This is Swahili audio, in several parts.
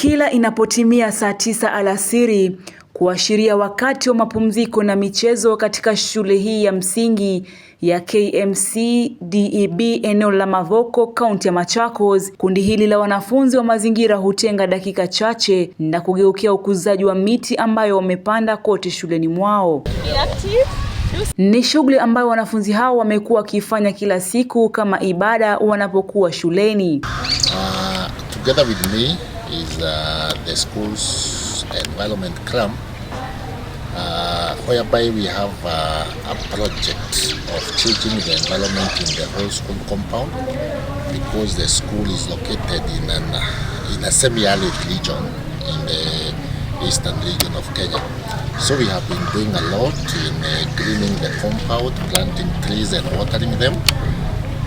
kila inapotimia saa tisa alasiri kuashiria wakati wa mapumziko na michezo katika shule hii ya msingi ya KMC DEB eneo la Mavoko kaunti ya Machakos. Kundi hili la wanafunzi wa mazingira hutenga dakika chache na kugeukia ukuzaji wa miti ambayo wamepanda kote shuleni mwao. Ni shughuli ambayo wanafunzi hao wamekuwa wakifanya kila siku kama ibada wanapokuwa shuleni. Uh, together with me. is uh, the school's environment club uh, whereby we have uh, a project of changing the environment in the whole school compound because the school is located in, an, in a semi-arid region in the eastern region of Kenya. So we have been doing a lot in uh, greening the compound, planting trees and watering them.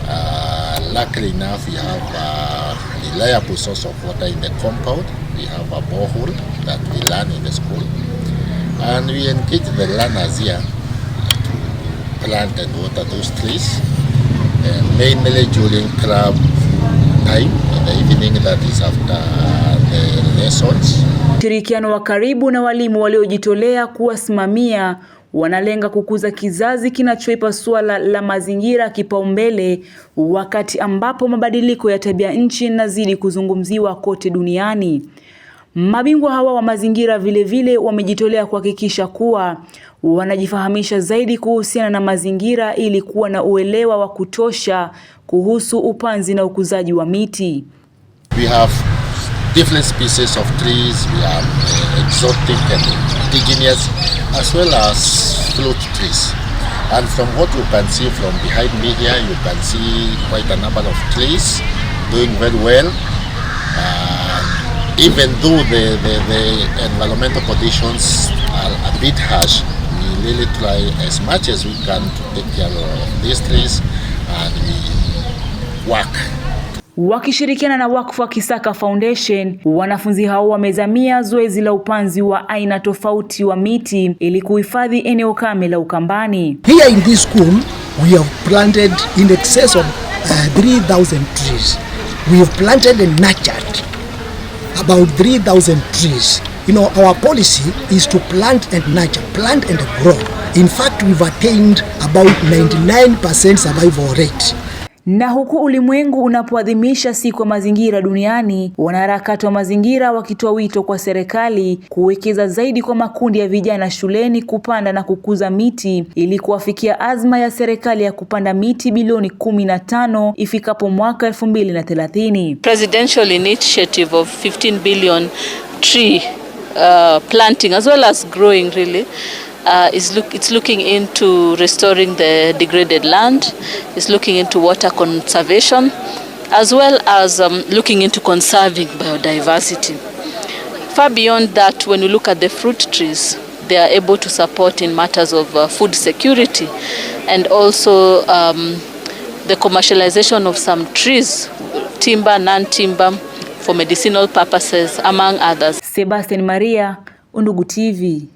Uh, Uh, luckily enough, we have a reliable source of water in the compound. We have a borehole that we learn in the school. And we engage the learners here to plant and water those trees, and uh, mainly during crab time in the evening, that is after the lessons. Ushirikiano wa karibu na walimu waliojitolea kuwasimamia wanalenga kukuza kizazi kinachoipa suala la mazingira kipaumbele wakati ambapo mabadiliko ya tabia nchi yanazidi kuzungumziwa kote duniani. Mabingwa hawa wa mazingira vilevile wamejitolea kuhakikisha kuwa wanajifahamisha zaidi kuhusiana na mazingira ili kuwa na uelewa wa kutosha kuhusu upanzi na ukuzaji wa miti. We have different species of trees. We have uh, exotic and indigenous, as well as fruit trees. And from what you can see from behind me here, you can see quite a number of trees doing very well. Uh, even though the, the, the environmental conditions are a bit harsh, we really try as much as we can to take care of these trees and we work Wakishirikiana na wakfu wa Kisaka Foundation, wanafunzi hao wamezamia zoezi la upanzi wa aina tofauti wa miti ili kuhifadhi eneo kame la Ukambani. Here in this school we have planted in excess of uh, 3000 trees. We have planted and nurtured about 3000 trees. You know, our policy is to plant and nurture, plant and grow. In fact, we've attained about 99% survival rate. Na huku ulimwengu unapoadhimisha siku ya mazingira duniani, wanaharakati wa mazingira wakitoa wito kwa serikali kuwekeza zaidi kwa makundi ya vijana shuleni kupanda na kukuza miti ili kuwafikia azma ya serikali ya kupanda miti bilioni kumi na tano ifikapo mwaka elfu mbili na thelathini. Presidential initiative of 15 billion tree uh, planting as well as growing really Uh, is look, it's looking into restoring the degraded land, it's looking into water conservation, as well as um, looking into conserving biodiversity. Far beyond that, when you look at the fruit trees, they are able to support in matters of uh, food security and also um, the commercialization of some trees, timber, non-timber, for medicinal purposes, among others. Sebastian Maria, Undugu TV.